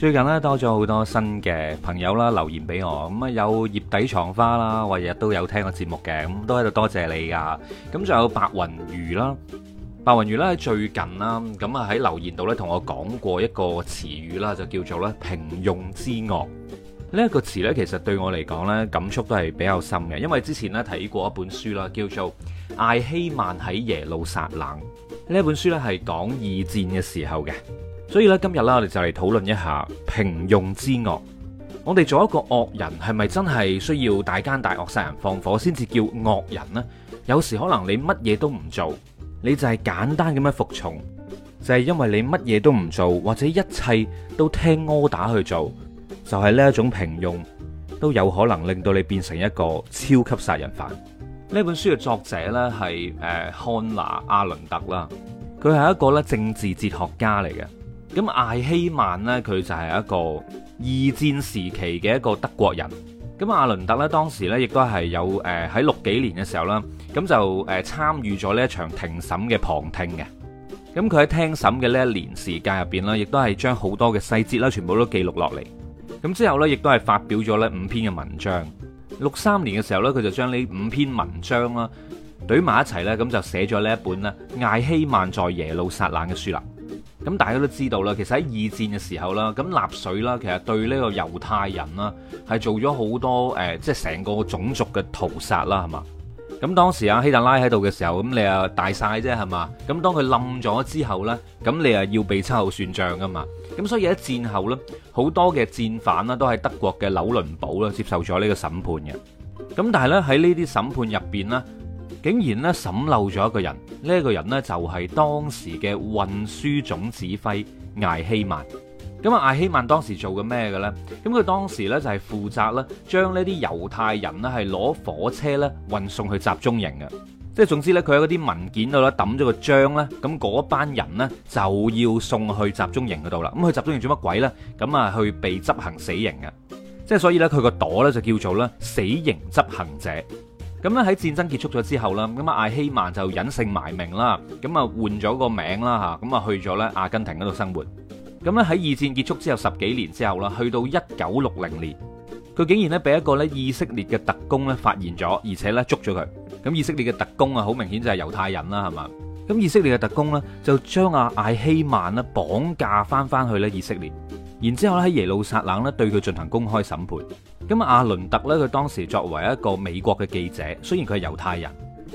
最近咧，多咗好多新嘅朋友啦，留言俾我，咁啊有葉底藏花啦，日日都有聽我節目嘅，咁都喺度多謝你噶。咁仲有白雲魚啦，白雲魚咧，最近啦，咁啊喺留言度咧，同我講過一個詞語啦，就叫做咧，平庸之惡。呢一個詞咧，其實對我嚟講咧，感觸都係比較深嘅，因為之前咧，睇過一本書啦，叫做艾希曼喺耶路撒冷。呢本書咧，係講二戰嘅時候嘅。所以咧，今日啦，我哋就嚟討論一下平庸之惡。我哋做一個惡人，係咪真係需要大奸大惡殺人放火先至叫惡人呢？有時可能你乜嘢都唔做，你就係簡單咁樣服從，就係、是、因為就係因為你乜嘢都唔做，或者一切都聽柯打去做，就係呢一種平庸，都有可能令到你變成一個超級殺人犯。呢本書嘅作者呢係誒漢娜阿倫特啦，佢係一個咧政治哲學家嚟嘅。咁艾希曼呢，佢就係一個二戰時期嘅一個德國人。咁阿倫特咧，當時呢亦都係有誒喺六幾年嘅時候啦，咁就誒參與咗呢一場庭審嘅旁聽嘅。咁佢喺聽審嘅呢一年時間入邊啦，亦都係將好多嘅細節啦，全部都記錄落嚟。咁之後呢，亦都係發表咗呢五篇嘅文章。六三年嘅時候呢，佢就將呢五篇文章啦懟埋一齊呢，咁就寫咗呢一本呢「艾希曼在耶路撒冷」嘅書啦。咁大家都知道啦，其實喺二戰嘅時候啦，咁納粹啦，其實對呢個猶太人啦，係做咗好多誒，即係成個種族嘅屠殺啦，係嘛？咁當時阿希特拉喺度嘅時候，咁你啊大晒啫係嘛？咁當佢冧咗之後呢，咁你啊要被秋後算賬噶嘛？咁所以喺戰後呢，好多嘅戰犯啦，都喺德國嘅紐倫堡啦，接受咗呢個審判嘅。咁但係咧喺呢啲審判入邊呢，竟然咧審漏咗一個人，呢個人呢，就係當時嘅運輸總指揮艾希曼。咁啊，艾希曼當時做嘅咩嘅咧？咁佢當時呢，就係負責咧將呢啲猶太人咧係攞火車咧運送去集中營嘅，即係總之呢，佢喺嗰啲文件度咧抌咗個章呢。咁嗰班人呢，就要送去集中營嗰度啦。咁去集中營做乜鬼呢？咁啊去被執行死刑嘅，即係所以呢，佢個朵呢，就叫做咧死刑執行者。咁咧喺戰爭結束咗之後啦，咁啊艾希曼就隱姓埋名啦，咁啊換咗個名啦吓，咁啊去咗咧阿根廷嗰度生活。咁咧喺二戰結束之後十幾年之後啦，去到一九六零年，佢竟然咧俾一個咧以色列嘅特工咧發現咗，而且咧捉咗佢。咁以色列嘅特工啊，好明顯就係猶太人啦，係嘛？咁以色列嘅特工呢，就將阿艾希曼呢綁架翻翻去咧以色列，然之後咧喺耶路撒冷咧對佢進行公開審判。咁阿倫特咧，佢當時作為一個美國嘅記者，雖然佢係猶太人，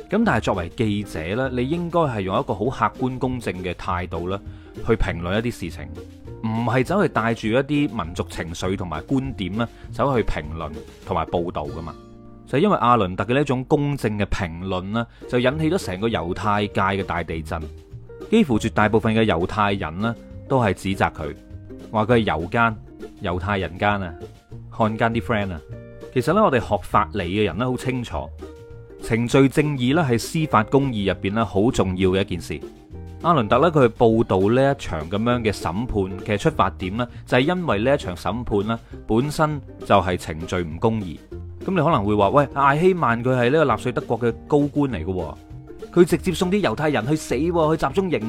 咁但係作為記者咧，你應該係用一個好客觀公正嘅態度咧，去評論一啲事情，唔係走去帶住一啲民族情緒同埋觀點咧，走去評論同埋報導噶嘛。就是、因為阿倫特嘅呢一種公正嘅評論咧，就引起咗成個猶太界嘅大地震，幾乎絕大部分嘅猶太人呢，都係指責佢，話佢係猶奸、猶太人奸啊。漢奸啲 friend 啊，其實呢，我哋學法理嘅人咧，好清楚程序正義呢係司法公義入面呢好重要嘅一件事。阿倫特呢，佢報道呢一場咁樣嘅審判嘅出發點呢，就係因為呢一場審判呢本身就係程序唔公義。咁你可能會話，喂，艾希曼佢係呢個納粹德國嘅高官嚟嘅，佢直接送啲猶太人去死，去集中營，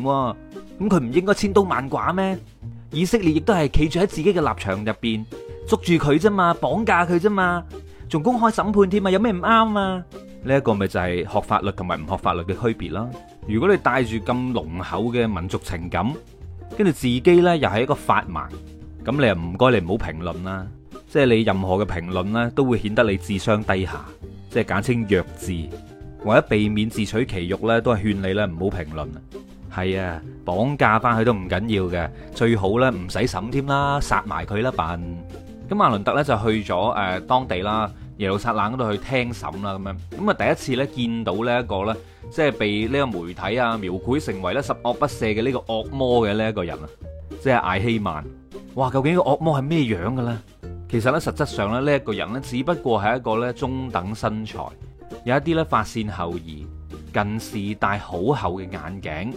咁佢唔應該千刀萬剮咩？以色列亦都係企住喺自己嘅立場入邊。捉住佢啫嘛，綁架佢啫嘛，仲公開審判添啊，有咩唔啱啊？呢一個咪就係學法律同埋唔學法律嘅區別咯。如果你帶住咁濃厚嘅民族情感，跟住自己咧又係一個法盲，咁你又唔該你唔好評論啦。即係你任何嘅評論咧，都會顯得你智商低下，即係簡稱弱智。為咗避免自取其辱咧，都係勸你咧唔好評論。係啊，綁架翻去都唔緊要嘅，最好咧唔使審添啦，殺埋佢啦辦。咁阿倫特咧就去咗誒當地啦，耶路撒冷度去聽審啦咁樣。咁啊第一次咧見到呢一個咧，即係被呢個媒體啊描繪成為咧十惡不赦嘅呢個惡魔嘅呢一個人啊，即係艾希曼。哇！究竟個惡魔係咩樣嘅咧？其實咧，實質上咧呢一個人咧，只不過係一個咧中等身材，有一啲咧發線後移、近視、戴好厚嘅眼鏡。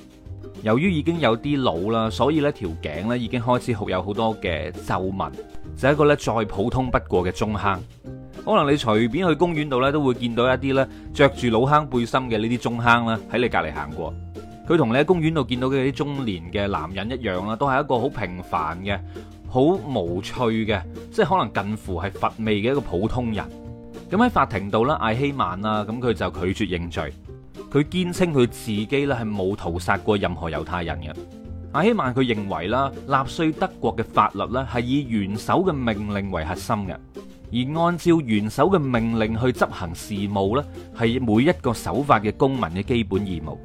由於已經有啲老啦，所以咧條頸咧已經開始有好多嘅皺紋。就係一個咧再普通不過嘅中坑，可能你隨便去公園度咧都會見到一啲咧着住老坑背心嘅呢啲中坑啦，喺你隔籬行過，佢同你喺公園度見到嘅啲中年嘅男人一樣啦，都係一個好平凡嘅、好無趣嘅，即係可能近乎係乏味嘅一個普通人。咁喺法庭度咧，艾希曼啦，咁佢就拒絕認罪，佢堅稱佢自己咧係冇屠殺過任何猶太人嘅。艾希曼佢認為啦，納粹德國嘅法律咧係以元首嘅命令為核心嘅，而按照元首嘅命令去執行事務呢係每一個守法嘅公民嘅基本義務。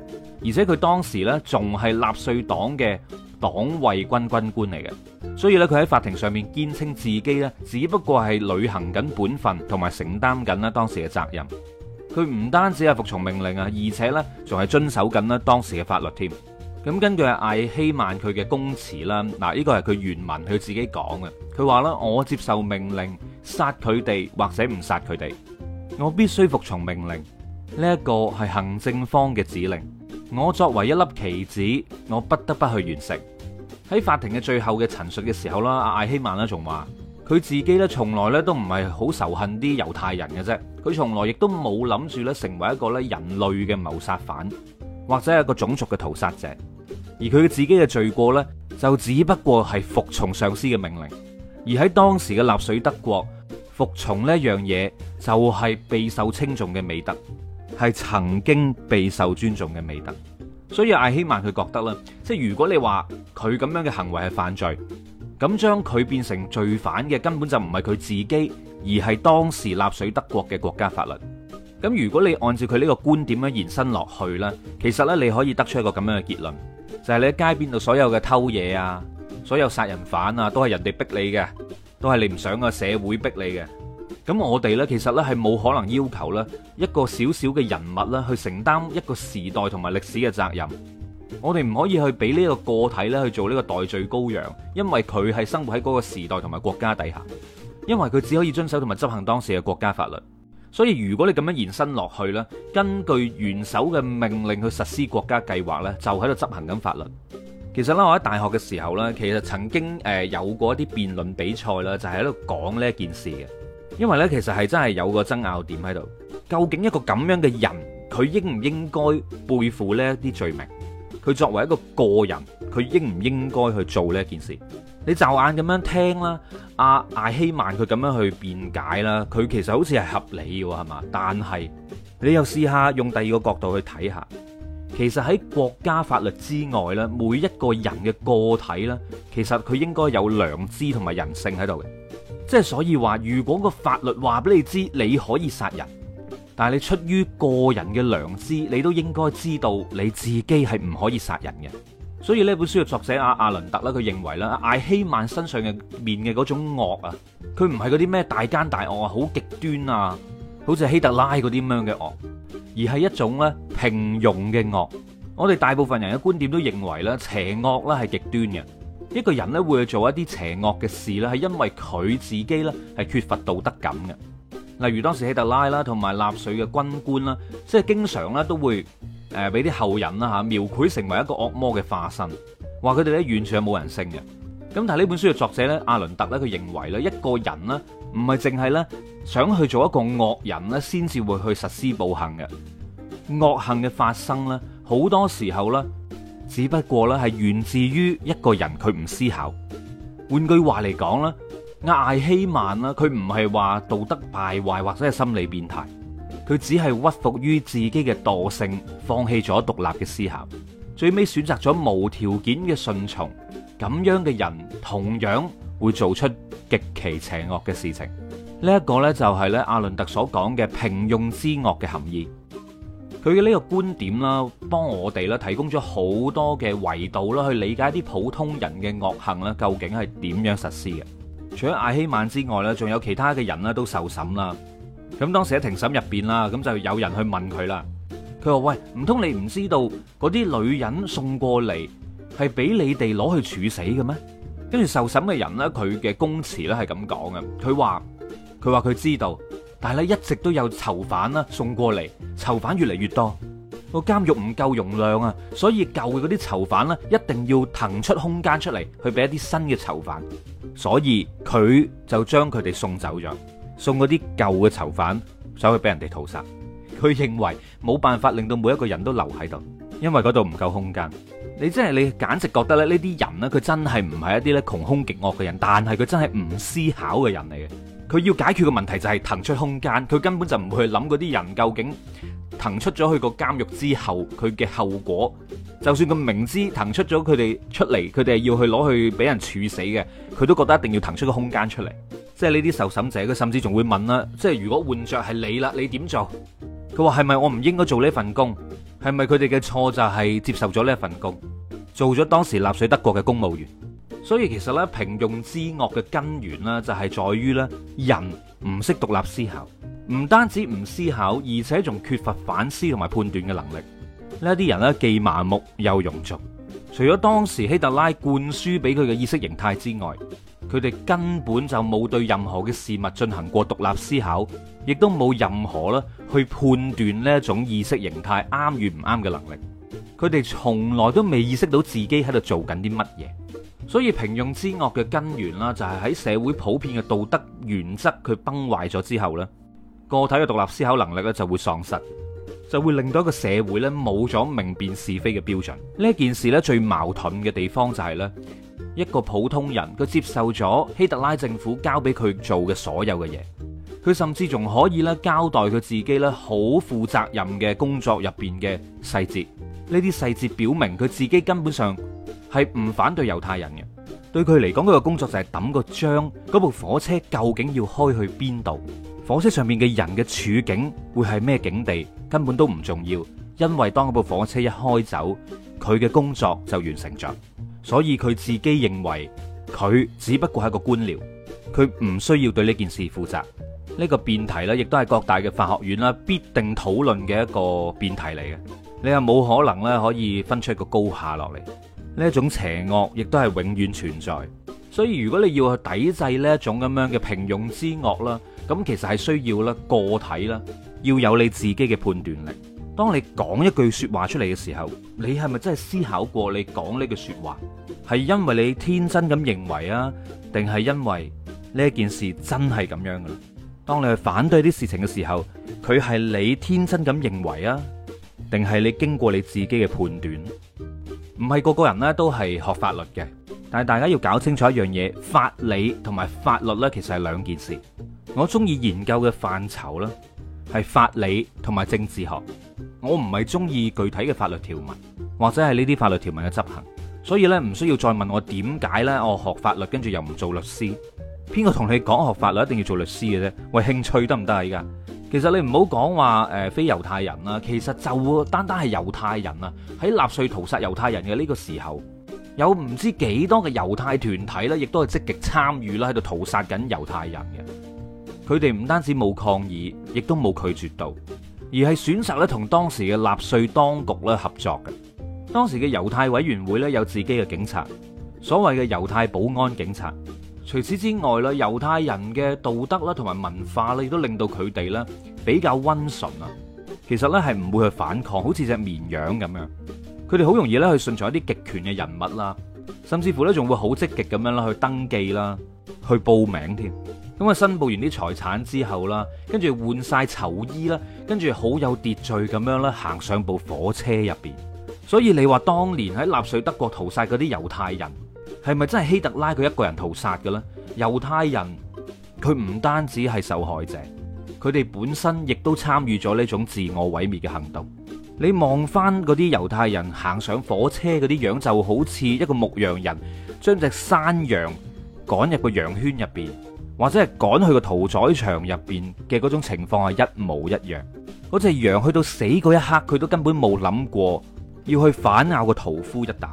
而且佢當時呢仲係納粹黨嘅黨衛軍軍官嚟嘅，所以咧佢喺法庭上面堅稱自己呢，只不過係履行緊本分，同埋承擔緊咧當時嘅責任。佢唔單止係服從命令啊，而且呢仲係遵守緊咧當時嘅法律添。咁根據艾希曼佢嘅供詞啦，嗱呢個係佢原文佢自己講嘅。佢話啦：我接受命令殺佢哋，或者唔殺佢哋，我必須服從命令。呢一個係行政方嘅指令。我作為一粒棋子，我不得不去完成。喺法庭嘅最後嘅陳述嘅時候啦，艾希曼仲話：佢自己呢從來呢都唔係好仇恨啲猶太人嘅啫，佢從來亦都冇諗住呢成為一個人類嘅謀殺犯，或者係一個種族嘅屠殺者。而佢自己嘅罪過呢，就只不過係服從上司嘅命令，而喺當時嘅納粹德國，服從呢一樣嘢就係備受尊重嘅美德，係曾經備受尊重嘅美德。所以艾希曼佢覺得啦，即係如果你話佢咁樣嘅行為係犯罪，咁將佢變成罪犯嘅根本就唔係佢自己，而係當時納粹德國嘅國家法律。咁如果你按照佢呢個觀點咧延伸落去呢，其實呢你可以得出一個咁樣嘅結論。就係你喺街邊度，所有嘅偷嘢啊，所有殺人犯啊，都係人哋逼你嘅，都係你唔想個社會逼你嘅。咁我哋呢，其實呢，係冇可能要求呢一個小小嘅人物呢去承擔一個時代同埋歷史嘅責任。我哋唔可以去俾呢個個體呢去做呢個代罪羔羊，因為佢係生活喺嗰個時代同埋國家底下，因為佢只可以遵守同埋執行當時嘅國家法律。所以如果你咁樣延伸落去呢，根據元首嘅命令去實施國家計劃呢，就喺度執行緊法律。其實呢，我喺大學嘅時候呢，其實曾經誒有過一啲辯論比賽啦，就係喺度講呢一件事嘅。因為呢，其實係真係有個爭拗點喺度。究竟一個咁樣嘅人，佢應唔應該背負呢一啲罪名？佢作為一個個人，佢應唔應該去做呢一件事？你驟眼咁樣聽啦，阿、啊、艾希曼佢咁樣去辯解啦，佢其實好似係合理嘅，係嘛？但係你又試下用第二個角度去睇下，其實喺國家法律之外咧，每一個人嘅個體咧，其實佢應該有良知同埋人性喺度嘅，即係所以話，如果個法律話俾你知你可以殺人，但係你出於個人嘅良知，你都應該知道你自己係唔可以殺人嘅。所以呢本書嘅作者阿阿倫特啦，佢認為啦，艾希曼身上嘅面嘅嗰種惡啊，佢唔係嗰啲咩大奸大惡啊，好極端啊，好似希特拉嗰啲咁樣嘅惡，而係一種咧平庸嘅惡。我哋大部分人嘅觀點都認為咧，邪惡咧係極端嘅，一個人咧會做一啲邪惡嘅事咧，係因為佢自己咧係缺乏道德感嘅。例如當時希特拉啦，同埋納粹嘅軍官啦，即係經常咧都會。誒，俾啲後人啦吓，描繪成為一個惡魔嘅化身，話佢哋咧完全係冇人性嘅。咁但係呢本書嘅作者咧，阿倫特咧，佢認為咧，一個人咧唔係淨係咧想去做一個惡人咧，先至會去實施暴行嘅。惡行嘅發生咧，好多時候咧只不過咧係源自於一個人佢唔思考。換句話嚟講咧，艾希曼啦，佢唔係話道德敗壞或者係心理變態。佢只係屈服於自己嘅惰性，放棄咗獨立嘅思考，最尾選擇咗無條件嘅順從。咁樣嘅人同樣會做出極其邪惡嘅事情。呢一個呢，就係咧阿倫特所講嘅平庸之惡嘅含義。佢嘅呢個觀點啦，幫我哋啦提供咗好多嘅維度啦，去理解啲普通人嘅惡行咧究竟係點樣實施嘅。除咗艾希曼之外咧，仲有其他嘅人呢，都受審啦。咁當時喺庭審入邊啦，咁就有人去問佢啦。佢話：喂，唔通你唔知道嗰啲女人送過嚟係俾你哋攞去處死嘅咩？跟住受審嘅人呢，佢嘅供詞呢係咁講嘅。佢話：佢話佢知道，但係呢一直都有囚犯啦送過嚟，囚犯越嚟越多，個監獄唔夠容量啊，所以舊嘅嗰啲囚犯呢一定要騰出空間出嚟去俾一啲新嘅囚犯，所以佢就將佢哋送走咗。送嗰啲舊嘅囚犯想去俾人哋屠殺，佢認為冇辦法令到每一個人都留喺度，因為嗰度唔夠空間。你真係你簡直覺得咧，呢啲人咧，佢真係唔係一啲咧窮凶極惡嘅人，但係佢真係唔思考嘅人嚟嘅。佢要解決嘅問題就係騰出空間，佢根本就唔會去諗嗰啲人究竟。騰出咗佢個監獄之後，佢嘅後果，就算佢明知騰出咗佢哋出嚟，佢哋係要去攞去俾人處死嘅，佢都覺得一定要騰出個空間出嚟。即係呢啲受審者，佢甚至仲會問啦，即係如果換着係你啦，你點做？佢話係咪我唔應該做呢份工？係咪佢哋嘅錯就係接受咗呢份工，做咗當時納粹德國嘅公務員？所以其實呢，平庸之惡嘅根源呢，就係在於呢人唔識獨立思考。唔單止唔思考，而且仲缺乏反思同埋判斷嘅能力。呢啲人既麻木又庸俗。除咗當時希特拉灌輸俾佢嘅意識形態之外，佢哋根本就冇對任何嘅事物進行過獨立思考，亦都冇任何啦去判斷呢種意識形態啱與唔啱嘅能力。佢哋從來都未意識到自己喺度做緊啲乜嘢。所以平庸之惡嘅根源啦，就係喺社會普遍嘅道德原則佢崩壞咗之後個體嘅獨立思考能力咧就會喪失，就會令到一個社會咧冇咗明辨是非嘅標準。呢件事咧最矛盾嘅地方就係咧，一個普通人佢接受咗希特拉政府交俾佢做嘅所有嘅嘢，佢甚至仲可以咧交代佢自己咧好負責任嘅工作入邊嘅細節。呢啲細節表明佢自己根本上係唔反對猶太人嘅。對佢嚟講，佢個工作就係抌個章，嗰部火車究竟要開去邊度？火車上面嘅人嘅處境會係咩境地，根本都唔重要，因為當部火車一開走，佢嘅工作就完成咗，所以佢自己認為佢只不過係個官僚，佢唔需要對呢件事負責。呢個辯題呢，亦都係各大嘅法學院啦必定討論嘅一個辯題嚟嘅。你又冇可能咧可以分出一個高下落嚟呢一種邪惡，亦都係永遠存在。所以如果你要去抵制呢一種咁樣嘅平庸之惡啦。咁其實係需要啦，個體啦，要有你自己嘅判斷力。當你講一句說話出嚟嘅時候，你係咪真係思考過你講呢句說話係因為你天真咁認為啊，定係因為呢一件事真係咁樣嘅？當你去反對啲事情嘅時候，佢係你天真咁認為啊，定係你經過你自己嘅判斷？唔係個個人咧都係學法律嘅，但係大家要搞清楚一樣嘢，法理同埋法律咧，其實係兩件事。我中意研究嘅範疇啦，係法理同埋政治學。我唔係中意具體嘅法律條文，或者係呢啲法律條文嘅執行。所以咧，唔需要再問我點解咧？我學法律跟住又唔做律師，邊個同你講學法律一定要做律師嘅啫？喂，興趣得唔得噶？其實你唔好講話誒，非猶太人啦，其實就單單係猶太人啊，喺納粹屠殺猶太人嘅呢個時候，有唔知幾多嘅猶太團體啦，亦都係積極參與啦，喺度屠殺緊猶太人嘅。佢哋唔單止冇抗議，亦都冇拒絕到，而係選擇咧同當時嘅納粹當局咧合作嘅。當時嘅猶太委員會咧有自己嘅警察，所謂嘅猶太保安警察。除此之外啦，猶太人嘅道德啦同埋文化咧，亦都令到佢哋咧比較温順啊。其實咧係唔會去反抗，好似隻綿羊咁樣。佢哋好容易咧去順從一啲極權嘅人物啦，甚至乎咧仲會好積極咁樣啦去登記啦，去報名添。咁啊！申報完啲財產之後啦，跟住換晒囚衣啦，跟住好有秩序咁樣啦，行上部火車入邊。所以你話當年喺納粹德國屠殺嗰啲猶太人，係咪真係希特拉佢一個人屠殺嘅咧？猶太人佢唔單止係受害者，佢哋本身亦都參與咗呢種自我毀滅嘅行動。你望翻嗰啲猶太人行上火車嗰啲樣，就好似一個牧羊人將隻山羊趕入個羊圈入邊。或者係趕去個屠宰場入邊嘅嗰種情況，係一模一樣。嗰隻羊去到死嗰一刻，佢都根本冇諗過要去反咬個屠夫一啖。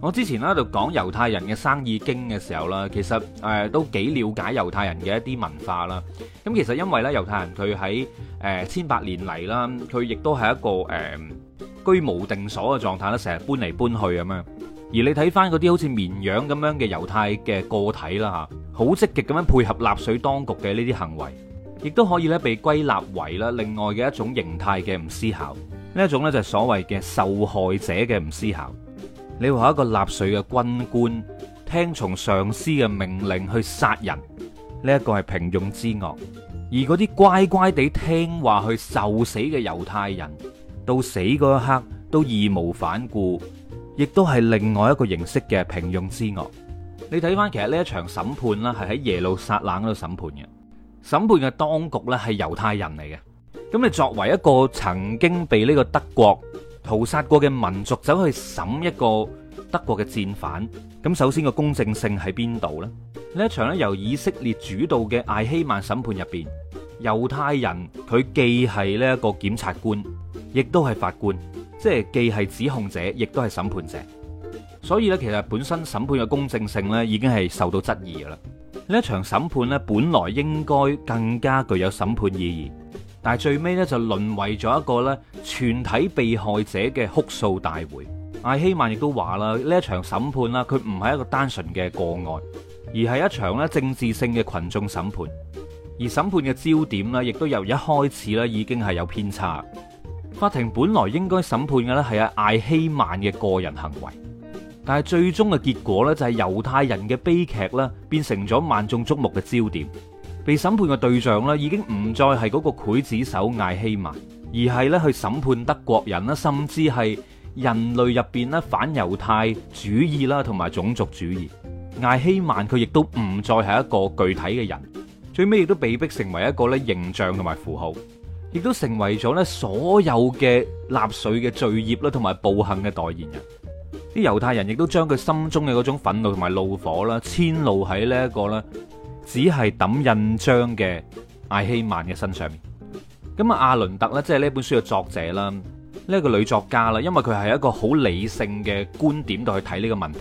我之前咧度講猶太人嘅生意經嘅時候啦，其實誒都幾了解猶太人嘅一啲文化啦。咁其實因為咧猶太人佢喺誒千百年嚟啦，佢亦都係一個誒居無定所嘅狀態啦，成日搬嚟搬去咁樣。而你睇翻嗰啲好似綿羊咁樣嘅猶太嘅個體啦吓，好積極咁樣配合納粹當局嘅呢啲行為，亦都可以咧被歸納為啦另外嘅一種形態嘅唔思考。呢一種咧就係所謂嘅受害者嘅唔思考。你話一個納粹嘅軍官聽從上司嘅命令去殺人，呢一個係平庸之惡；而嗰啲乖乖地聽話去受死嘅猶太人，到死嗰一刻都義無反顧，亦都係另外一個形式嘅平庸之惡。你睇翻，其實呢一場審判呢係喺耶路撒冷嗰度審判嘅。審判嘅當局呢係猶太人嚟嘅。咁你作為一個曾經被呢個德國屠殺過嘅民族，走去審一個德國嘅戰犯，咁首先個公正性喺邊度呢？呢一場咧由以色列主導嘅艾希曼審判入面，猶太人佢既係呢一個檢察官，亦都係法官。即係既係指控者，亦都係審判者，所以咧，其實本身審判嘅公正性咧，已經係受到質疑噶啦。呢一場審判咧，本來應該更加具有審判意義，但係最尾咧就淪為咗一個咧全體被害者嘅哭訴大會。艾希曼亦都話啦，呢一場審判啦，佢唔係一個單純嘅個案，而係一場咧政治性嘅群眾審判，而審判嘅焦點咧，亦都由一開始咧已經係有偏差。法庭本來應該審判嘅咧係啊艾希曼嘅個人行為，但係最終嘅結果呢，就係猶太人嘅悲劇咧變成咗萬眾矚目嘅焦點，被審判嘅對象咧已經唔再係嗰個劊子手艾希曼，而係咧去審判德國人啦，甚至係人類入邊咧反猶太主義啦同埋種族主義。艾希曼佢亦都唔再係一個具體嘅人，最尾亦都被逼成為一個咧形象同埋符號。亦都成為咗咧所有嘅納粹嘅罪孽啦，同埋暴行嘅代言人。啲猶太人亦都將佢心中嘅嗰種憤怒同埋怒火啦，遷怒喺呢一個咧只係抌印章嘅艾希曼嘅身上面。咁啊，阿倫特咧，即係呢本書嘅作者啦，呢一個女作家啦，因為佢係一個好理性嘅觀點度去睇呢個問題，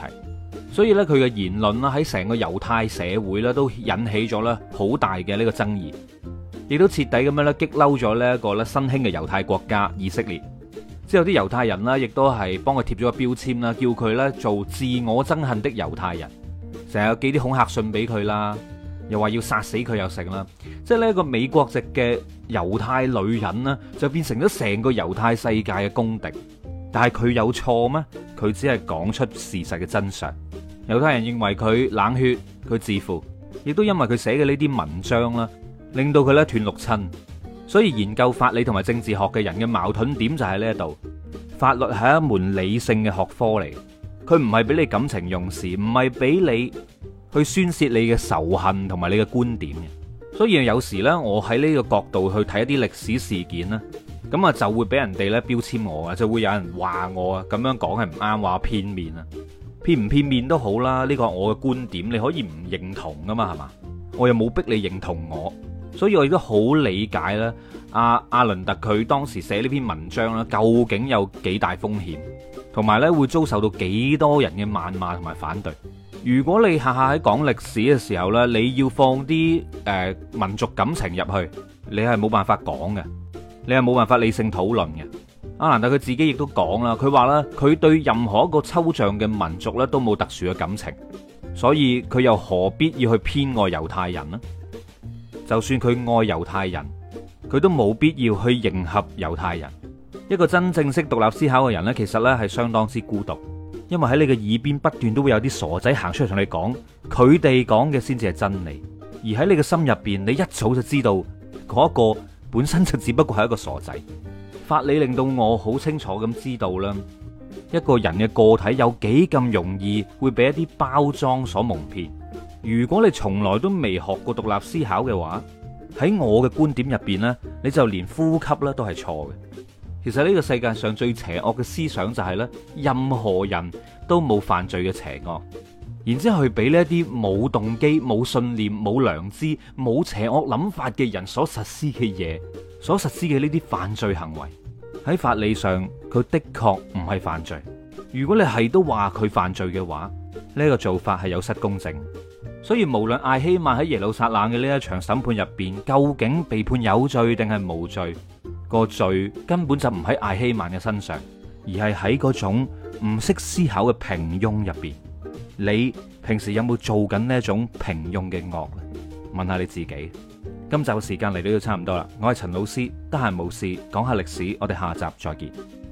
所以呢，佢嘅言論啦喺成個猶太社會咧都引起咗咧好大嘅呢個爭議。亦都徹底咁樣咧激嬲咗呢一個咧新興嘅猶太國家以色列，之後啲猶太人啦，亦都係幫佢貼咗個標籤啦，叫佢咧做自我憎恨的猶太人，成日寄啲恐嚇信俾佢啦，又話要殺死佢又食啦，即係呢一個美國籍嘅猶太女人呢，就變成咗成個猶太世界嘅公敵。但係佢有錯咩？佢只係講出事實嘅真相。猶太人認為佢冷血、佢自負，亦都因為佢寫嘅呢啲文章啦。令到佢咧斷六親，所以研究法理同埋政治學嘅人嘅矛盾點就喺呢一度。法律係一門理性嘅學科嚟，佢唔係俾你感情用事，唔係俾你去宣洩你嘅仇恨同埋你嘅觀點嘅。所以有時呢，我喺呢個角度去睇一啲歷史事件咧，咁啊就會俾人哋呢標籤我啊，就會有人話我啊咁樣講係唔啱，話片面啊，片唔片面都好啦。呢個我嘅觀點，你可以唔認同噶嘛，係嘛？我又冇逼你認同我。所以我亦都好理解咧，阿阿倫特佢當時寫呢篇文章啦，究竟有幾大風險，同埋咧會遭受到幾多人嘅謾罵同埋反對。如果你下下喺講歷史嘅時候咧，你要放啲誒、呃、民族感情入去，你係冇辦法講嘅，你係冇辦法理性討論嘅。阿倫特佢自己亦都講啦，佢話啦，佢對任何一個抽象嘅民族咧都冇特殊嘅感情，所以佢又何必要去偏愛猶太人呢？就算佢愛猶太人，佢都冇必要去迎合猶太人。一個真正識獨立思考嘅人呢，其實呢係相當之孤獨，因為喺你嘅耳邊不斷都會有啲傻仔行出嚟同你講，佢哋講嘅先至係真理，而喺你嘅心入邊，你一早就知道嗰一個本身就只不過係一個傻仔。法理令到我好清楚咁知道啦，一個人嘅個體有幾咁容易會俾一啲包裝所蒙騙。如果你從來都未學過獨立思考嘅話，喺我嘅觀點入邊呢，你就連呼吸咧都係錯嘅。其實呢個世界上最邪惡嘅思想就係呢：任何人都冇犯罪嘅邪惡，然之後去俾呢啲冇動機、冇信念、冇良知、冇邪惡諗法嘅人所實施嘅嘢，所實施嘅呢啲犯罪行為喺法理上佢的確唔係犯罪。如果你係都話佢犯罪嘅話，呢個做法係有失公正。所以，無論艾希曼喺耶路撒冷嘅呢一場審判入邊，究竟被判有罪定係無罪？個罪根本就唔喺艾希曼嘅身上，而係喺嗰種唔識思考嘅平庸入邊。你平時有冇做緊呢種平庸嘅惡咧？問下你自己。今集嘅時間嚟到要差唔多啦，我係陳老師，得閒冇事講下歷史，我哋下集再見。